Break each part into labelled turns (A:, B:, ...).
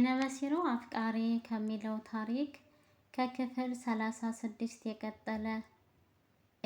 A: አይነ በሲሮ አፍቃሪ ከሚለው ታሪክ ከክፍል ሰላሳ ስድስት የቀጠለ።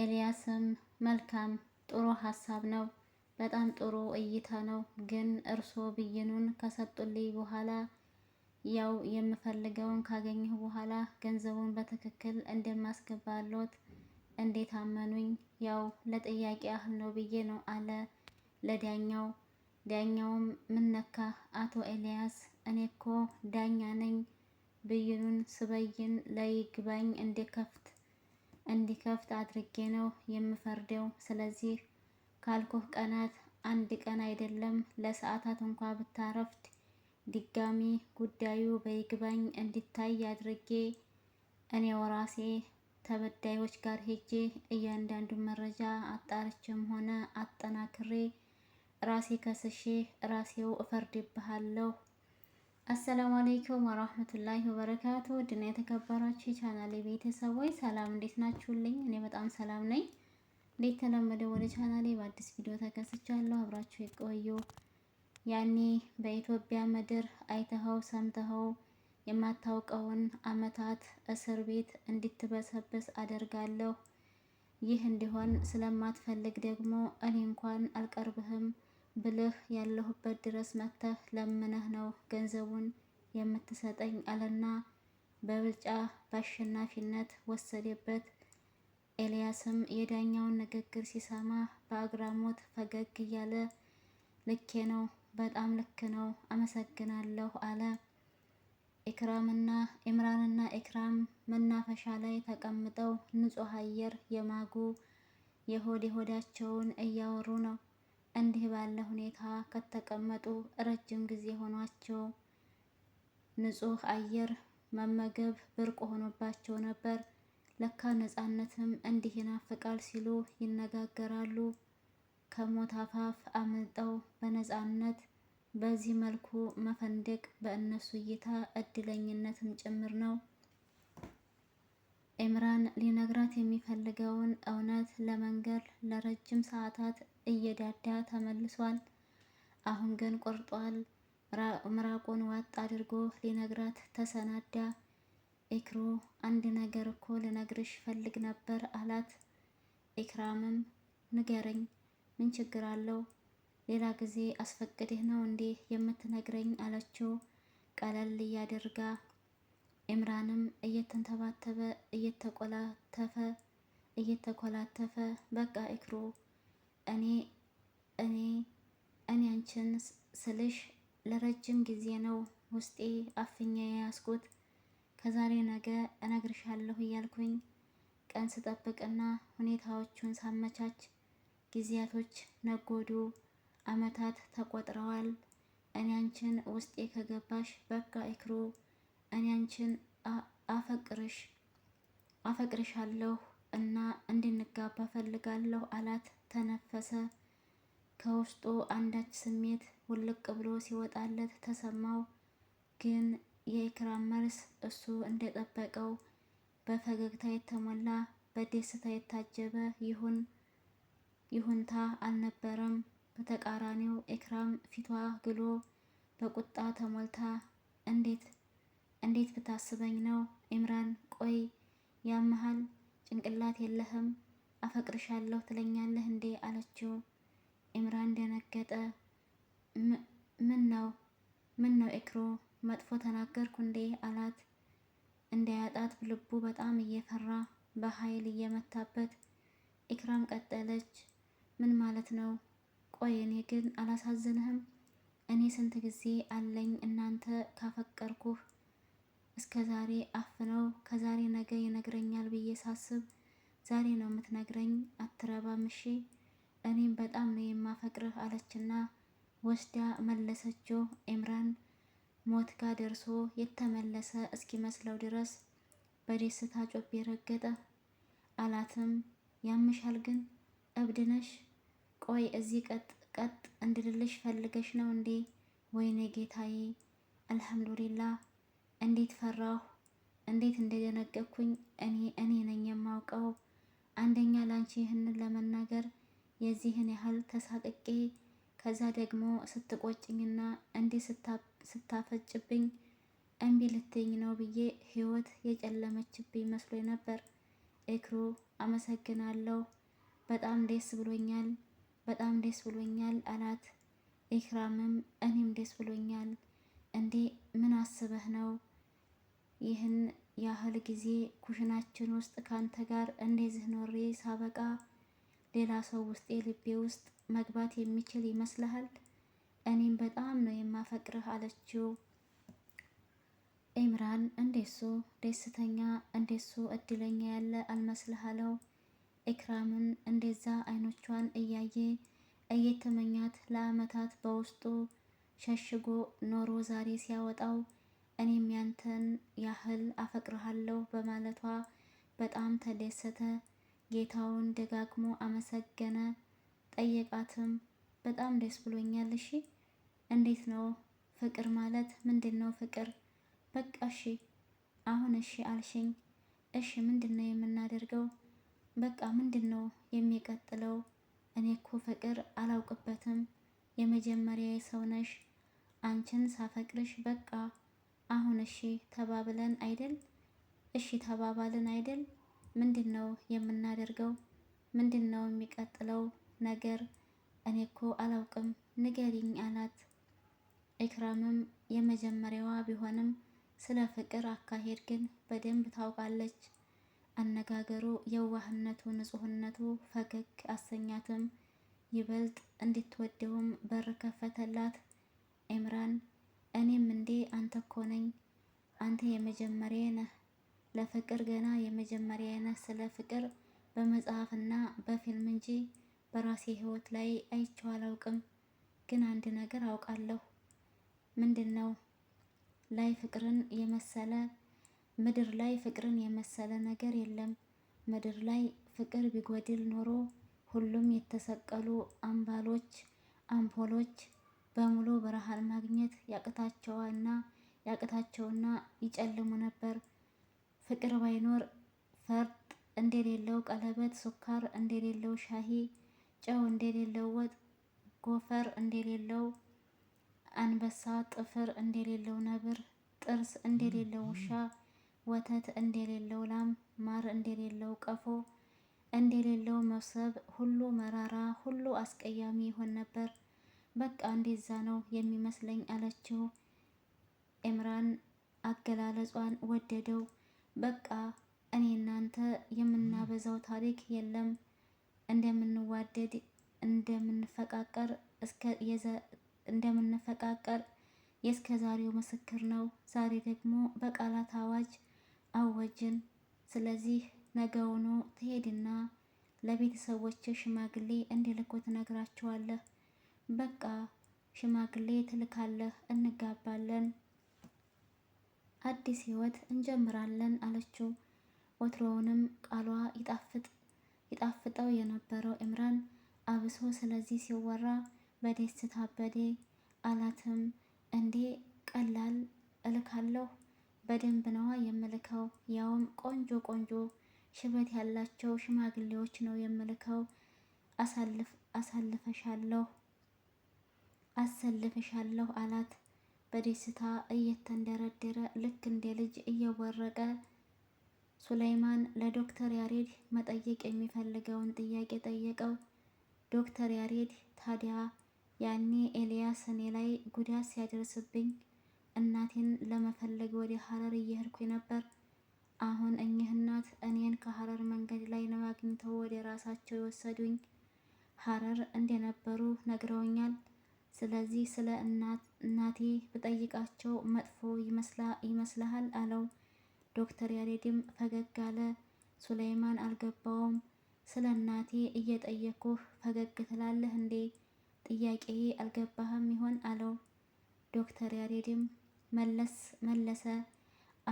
A: ኤልያስም መልካም ጥሩ ሀሳብ ነው፣ በጣም ጥሩ እይታ ነው። ግን እርስዎ ብይኑን ከሰጡልኝ በኋላ ያው የምፈልገውን ካገኘሁ በኋላ ገንዘቡን በትክክል እንደማስገባለት እንዴት አመኑኝ? ያው ለጥያቄ ያህል ነው ብዬ ነው አለ ለዳኛው። ዳኛውም ምነካ አቶ ኤልያስ እኔ እኮ ዳኛ ነኝ ብይኑን ስበይን ለይግባኝ እንዲከፍት እንዲከፍት አድርጌ ነው የምፈርደው። ስለዚህ ካልኩህ ቀናት አንድ ቀን አይደለም ለሰዓታት እንኳ ብታረፍት ድጋሚ ጉዳዩ በይግባኝ እንዲታይ አድርጌ እኔው ራሴ ተበዳዮች ጋር ሄጄ እያንዳንዱን መረጃ አጣርቼም ሆነ አጠናክሬ ራሴ ከስሼ ራሴው እፈርድብሃለሁ አሰላሙ አለይኩም ወራህመቱላሂ ወበረካቱ። ውድና የተከበራችሁ የቻናሌ ቤተሰቦች ሰላም፣ እንዴት ናችሁልኝ? እኔ በጣም ሰላም ነኝ። እንዴት ተለመደ ወደ ቻናሌ በአዲስ ቪዲዮ ተከስቻለሁ። አብራችሁ የቆዩ ያኔ በኢትዮጵያ ምድር አይተኸው ሰምተኸው የማታውቀውን አመታት እስር ቤት እንድትበሰብስ አደርጋለሁ። ይህ እንዲሆን ስለማትፈልግ ደግሞ እኔ እንኳን አልቀርብህም ብልህ ያለሁበት ድረስ መጥተህ ለምነህ ነው ገንዘቡን የምትሰጠኝ አለና በብልጫ በአሸናፊነት ወሰደበት። ኤልያስም የዳኛውን ንግግር ሲሰማ በአግራሞት ፈገግ እያለ ልኬ ነው፣ በጣም ልክ ነው፣ አመሰግናለሁ አለ። ኢክራምና ኢምራንና ኢክራም መናፈሻ ላይ ተቀምጠው ንጹህ አየር የማጉ የሆድ የሆዳቸውን እያወሩ ነው። እንዲህ ባለ ሁኔታ ከተቀመጡ ረጅም ጊዜ ሆኗቸው ንጹህ አየር መመገብ ብርቅ ሆኖባቸው ነበር። ለካ ነጻነትም እንዲህ ይናፍቃል ሲሉ ይነጋገራሉ። ከሞት አፋፍ አምልጠው በነጻነት በዚህ መልኩ መፈንደቅ በእነሱ እይታ እድለኝነትም ጭምር ነው። ኤምራን ሊነግራት የሚፈልገውን እውነት ለመንገር ለረጅም ሰዓታት እየዳዳ ተመልሷል። አሁን ግን ቆርጧል። ምራቁን ዋጥ አድርጎ ሊነግራት ተሰናዳ። ኢክሩ አንድ ነገር እኮ ልነግርሽ ፈልግ ነበር አላት። ኢክራምም ንገረኝ፣ ምን ችግር አለው? ሌላ ጊዜ አስፈቅድህ ነው እንዴ የምትነግረኝ አለችው ቀለል እያደርጋ። ኢምራንም እየተንተባ እየተኮላተበ እየተቆላተፈ እየተኮላተፈ በቃ ኢክሩ እኔ እኔ እኔ አንቺን ስልሽ ለረጅም ጊዜ ነው ውስጤ አፍኛ የያዝኩት ከዛሬ ነገ እነግርሻለሁ እያልኩኝ ቀን ስጠብቅና ሁኔታዎቹን ሳመቻች ጊዜያቶች ነጎዱ፣ አመታት ተቆጥረዋል። እኔ አንቺን ውስጤ ከገባሽ በቃ ኢክሩ እኔ አንቺን አፈቅርሽ አፈቅርሻለሁ እና እንድንጋባ ፈልጋለሁ አላት። ተነፈሰ። ከውስጡ አንዳች ስሜት ውልቅ ብሎ ሲወጣለት ተሰማው። ግን የኢክራም መልስ እሱ እንደጠበቀው በፈገግታ የተሞላ በደስታ የታጀበ ይሁን ይሁንታ አልነበረም። በተቃራኒው ኢክራም ፊቷ ግሎ በቁጣ ተሞልታ እንዴት እንዴት ብታስበኝ ነው ኤምራን ቆይ ያመሃል ጭንቅላት የለህም አፈቅርሻለሁ ትለኛለህ እንዴ አለችው። ኤምራን ደነገጠ። ምን ነው ምን ነው ኤክሮ መጥፎ ተናገርኩ እንዴ አላት። እንዳያጣት ልቡ በጣም እየፈራ በኃይል እየመታበት ኢክራም ቀጠለች። ምን ማለት ነው? ቆይ እኔ ግን አላሳዝንህም? እኔ ስንት ጊዜ አለኝ እናንተ ካፈቀርኩህ እስከ ዛሬ አፍነው ከዛሬ ነገ ይነግረኛል ብዬ ሳስብ ዛሬ ነው የምትነግረኝ፣ አትረባም፣ እሺ እኔም በጣም ነው የማፈቅርህ አለችና ወስዳ መለሰችው። ኤምራን ሞት ጋር ደርሶ የተመለሰ እስኪመስለው ድረስ በደስታ ጮቤ ረገጠ አላትም። ያምሻል ግን እብድነሽ ቆይ እዚህ ቀጥ ቀጥ እንድልልሽ ፈልገሽ ነው እንዴ? ወይኔ ጌታዬ፣ አልሐምዱሊላህ እንዴት ፈራሁ፣ እንዴት እንደደነገኩኝ እኔ እኔ ነኝ የማውቀው። አንደኛ ላንቺ ይህንን ለመናገር የዚህን ያህል ተሳቅቄ ከዛ ደግሞ ስትቆጭኝና እንዲህ ስታፈጭብኝ እምቢ ልትኝ ነው ብዬ ህይወት የጨለመችብኝ መስሎ ነበር። ኤክሮ አመሰግናለሁ፣ በጣም ደስ ብሎኛል፣ በጣም ደስ ብሎኛል አላት። ኢክራምም እኔም ደስ ብሎኛል። እንዴ ምን አስበህ ነው ይህን ያህል ጊዜ ኩሽናችን ውስጥ ካንተ ጋር እንደዚህ ኖሬ ሳበቃ ሌላ ሰው ውስጤ ልቤ ውስጥ መግባት የሚችል ይመስልሃል? እኔም በጣም ነው የማፈቅርህ አለችው። ኢምራን እንዴሱ ደስተኛ እንዴሱ እድለኛ ያለ አልመስልህ አለው። ኢክራምን እንደዛ አይኖቿን እያየ እየተመኛት ለአመታት በውስጡ ሸሽጎ ኖሮ ዛሬ ሲያወጣው እኔም ያንተን ያህል አፈቅርሃለሁ በማለቷ በጣም ተደሰተ። ጌታውን ደጋግሞ አመሰገነ። ጠየቃትም፣ በጣም ደስ ብሎኛል። እሺ እንዴት ነው ፍቅር ማለት ምንድን ነው? ፍቅር በቃ እሺ አሁን እሺ አልሽኝ። እሺ ምንድን ነው የምናደርገው? በቃ ምንድን ነው የሚቀጥለው? እኔ እኮ ፍቅር አላውቅበትም። የመጀመሪያ የሰው ነሽ። አንቺን ሳፈቅርሽ በቃ አሁን እሺ ተባብለን አይደል? እሺ ተባባልን አይደል? ምንድን ነው የምናደርገው? ምንድን ነው የሚቀጥለው ነገር? እኔ እኮ አላውቅም ንገሪኝ አላት። ኢክራምም የመጀመሪያዋ ቢሆንም ስለ ፍቅር አካሄድ ግን በደንብ ታውቃለች። አነጋገሩ፣ የዋህነቱ፣ ንጹህነቱ ፈገግ አሰኛትም። ይበልጥ እንድትወደውም በር ከፈተላት። ኤምራን እኔም እንዴ አንተ እኮ ነኝ፣ አንተ የመጀመሪያ ነህ፣ ለፍቅር ገና የመጀመሪያ ነህ። ስለ ፍቅር በመጽሐፍና በፊልም እንጂ በራሴ ህይወት ላይ አይቼው አላውቅም። ግን አንድ ነገር አውቃለሁ። ምንድን ነው ላይ ፍቅርን የመሰለ ምድር ላይ ፍቅርን የመሰለ ነገር የለም። ምድር ላይ ፍቅር ቢጎድል ኖሮ ሁሉም የተሰቀሉ አምባሎች አምፖሎች በሙሉ ብርሃን ማግኘት ያቅታቸዋና ያቅታቸውና ይጨልሙ ነበር። ፍቅር ባይኖር ፈርጥ እንደሌለው ቀለበት፣ ሱካር እንደሌለው ሻሂ፣ ጨው እንደሌለው ወጥ፣ ጎፈር እንደሌለው አንበሳ፣ ጥፍር እንደሌለው ነብር፣ ጥርስ እንደሌለው ውሻ፣ ወተት እንደሌለው ላም፣ ማር እንደሌለው ቀፎ እንደሌለው መሶብ፣ ሁሉ መራራ፣ ሁሉ አስቀያሚ ይሆን ነበር። በቃ እንደዛ ነው የሚመስለኝ አለችው። ኤምራን አገላለጿን ወደደው። በቃ እኔ እናንተ የምናበዛው ታሪክ የለም እንደምንዋደድ እንደምንፈቃቀር እንደምንፈቃቀር የእስከ ዛሬው ምስክር ነው። ዛሬ ደግሞ በቃላት አዋጅ አወጅን። ስለዚህ ነገውኑ ትሄድና ለቤተሰቦች ሽማግሌ እንዲልኩ ትነግራቸዋለህ። በቃ ሽማግሌ ትልካለህ እንጋባለን፣ አዲስ ህይወት እንጀምራለን አለችው። ወትሮውንም ቃሏ ይጣፍጠው የነበረው ኢምራን አብሶ ስለዚህ ሲወራ በደስታ አበዴ አላትም። እንዴ ቀላል እልካለሁ፣ በደንብ ነዋ የምልከው። ያውም ቆንጆ ቆንጆ ሽበት ያላቸው ሽማግሌዎች ነው የምልከው። አሳልፈሻለሁ አሰልፍሻለሁ አላት። በደስታ እየተንደረደረ ልክ እንደ ልጅ እየወረቀ ሱላይማን ለዶክተር ያሬድ መጠየቅ የሚፈልገውን ጥያቄ ጠየቀው። ዶክተር ያሬድ ታዲያ ያኔ ኤልያስ እኔ ላይ ጉዳት ሲያደርስብኝ እናቴን ለመፈለግ ወደ ሀረር እየሄድኩ ነበር። አሁን እኚህ እናት እኔን ከሀረር መንገድ ላይ ነው አግኝተው ወደ ራሳቸው የወሰዱኝ። ሀረር እንደነበሩ ነግረውኛል። ስለዚህ ስለ እናቴ ብጠይቃቸው መጥፎ ይመስልሃል አለው። ዶክተር ያሬድም ፈገግ አለ። ሱላይማን አልገባውም። ስለ እናቴ እየጠየኩህ ፈገግ ትላለህ እንዴ? ጥያቄ አልገባህም ይሆን አለው። ዶክተር ያሬድም መለስ መለሰ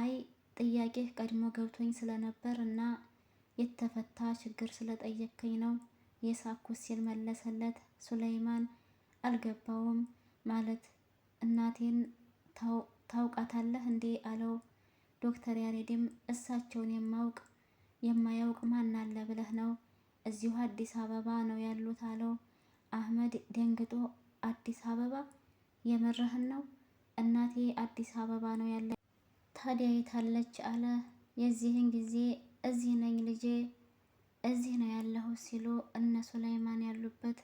A: አይ ጥያቄህ ቀድሞ ገብቶኝ ስለነበር እና የተፈታ ችግር ስለጠየከኝ ነው የሳኩ ሲል መለሰለት ሱለይማን አልገባውም። ማለት እናቴን ታውቃታለህ እንዴ አለው። ዶክተር ያሬድም እሳቸውን የማውቅ የማያውቅ ማን አለ ብለህ ነው? እዚሁ አዲስ አበባ ነው ያሉት አለው። አህመድ ደንግጦ አዲስ አበባ የመረህን ነው? እናቴ አዲስ አበባ ነው ያለ። ታዲያ የታለች አለ። የዚህን ጊዜ እዚህ ነኝ ልጄ፣ እዚህ ነው ያለሁት ሲሉ እነ ሱላይማን ያሉበት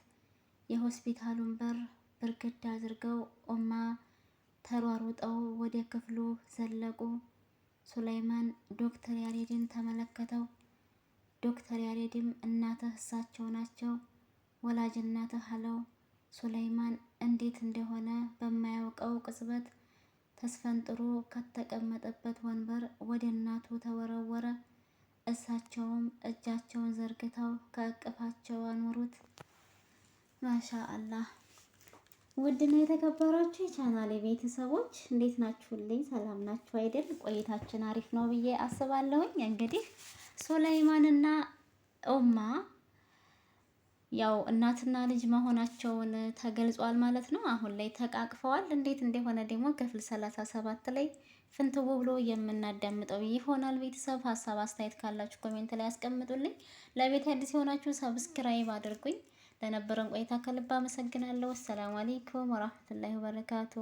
A: የሆስፒታሉን በር ብርግድ አድርገው ኦማ ተሯሩጠው ወደ ክፍሉ ዘለቁ። ሱላይማን ዶክተር ያሬድን ተመለከተው። ዶክተር ያሬድም እናትህ እሳቸው ናቸው ወላጅ እናትህ አለው። ሱላይማን እንዴት እንደሆነ በማያውቀው ቅጽበት ተስፈንጥሮ ከተቀመጠበት ወንበር ወደ እናቱ ተወረወረ። እሳቸውም እጃቸውን ዘርግተው ከእቅፋቸው አኖሩት። ማሻአላ ውድና የተከበራችሁ የቻናሌ ቤተሰቦች እንዴት ናችሁልኝ? ሰላም ናችሁ አይደል? ቆይታችን አሪፍ ነው ብዬ አስባለሁኝ። እንግዲህ ሱለይማንና ኡማ ያው እናትና ልጅ መሆናቸውን ተገልጿል ማለት ነው። አሁን ላይ ተቃቅፈዋል። እንዴት እንደሆነ ደግሞ ክፍል ሰላሳ ሰባት ላይ ፍንትው ብሎ የምናዳምጠው ይሆናል። ቤተሰብ ሀሳብ አስተያየት ካላችሁ ኮሜንት ላይ ያስቀምጡልኝ። ለቤት አዲስ የሆናችሁ ሰብስክራይብ አድርጉኝ። ለነበረን ቆይታ ከልብ አመሰግናለሁ። አሰላሙ አሌይኩም ወራህመቱላሂ ወበረካቱ።